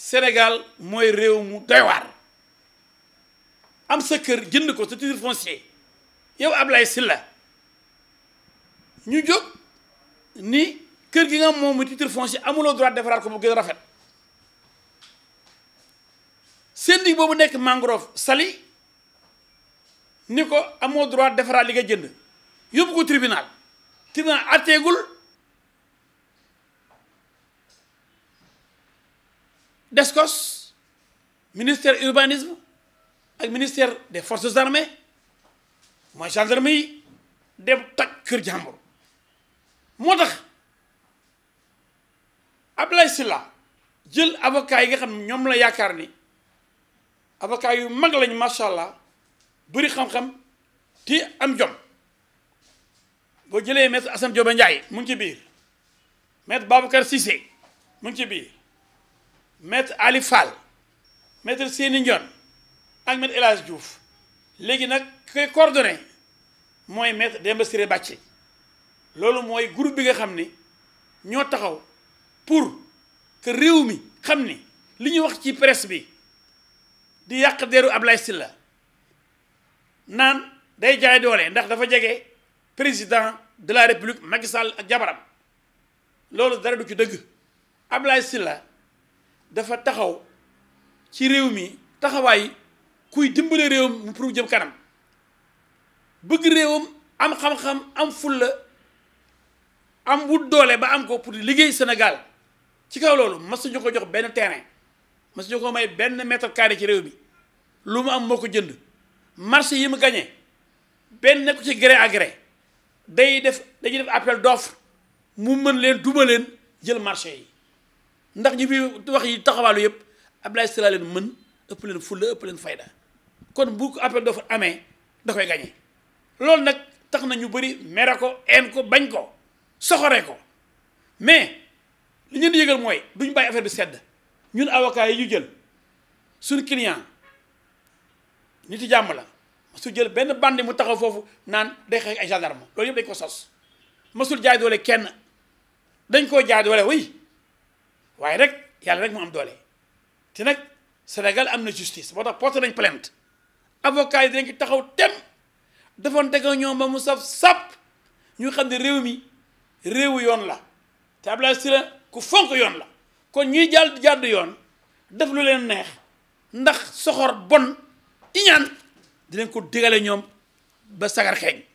Sénégal mooy réew mu doy am sa kër jënd ko sa titre foncier yow Ablaye Sylla ñu jóg ni kër gi nga moom mu titre foncier amuloo droit defaraat ko bu gën a rafet syndic boobu nekk mangrove sali ni ko amoo droit defaraat li nga jënd yóbbu ko tribunal tribunal atteegul DSCOS ministère urbanisme ak ministère des forces armées mooy gendarme yi dem toj kër jàmbur moo tax Ablaye Sylla jël avocat yi nga xam ñoom la yaakaar ni avocat yu mag lañ macha allah buri xam-xam ti am jom boo jëlee maître Assane Dioma Ndiaye mu ngi ci biir maître Babacar Cissé mu ngi ci biir maître Ali Fall maître Seyni Ndione ak maître El Hadj léegi nag koy coordonné mooy maître Demba Ciré Bàcce loolu mooy groupe bi nga xam ni ñoo taxaw pour que réew mi xam ni li ñu wax ci presse bi di yàq deru Ablaye Sylla naan day jaay doole ndax dafa jege président de la république Macky Sall ak jabaram loolu dara du ci dëgg Ablaye Sylla dafa taxaw ci réew mi taxawaay kuy dimbale réewam mu pour jëm kanam bëgg réewam am xam-xam am fulla am wut doole ba am ko pour liggéey Sénégal ci kaw loolu masuñu ko jox benn terrain masuñu ko may benn mètre carré ci réew mi lu mu am moo ko jënd marché yi mu gañee benn ku ci gré à day def dañuy def appel d'offre mu mën leen duma jël marché yi ndax ñi fi wax yi taxawaalu yëpp Abdoulaye Sylla leen mën ëpp leen fulla ëpp leen fayda kon bu ko appel dafa amee da koy gañe loolu nag tax na ñu bëri mere ko een ko bañ ko soxoree ko mais li ñu di yëgal mooy ñu bàyyi affaire bi sedd ñun avocat yi ñu jël suñu client ñu yi jàmm la masul jël benn bandi mu taxaw foofu naan day xeex ay gendarme loolu yëpp dañ ko sos masul jaay doole kenn dañ koo jaay doole oui waaye rek yàlla rek mu am doole te nag Sénégal am na justice boo tax porté nañ plainte avocat yi dañ ci taxaw tem defoon teg ñoom ba mu saf sap ñu xam ne réew mi réew yoon la te Abdoulaye Sylla ku fonk yoon la kon ñuy jàll jàdd yoon def lu leen neex ndax soxor bon iñaan di leen ko digale ñoom ba sagar xeeñ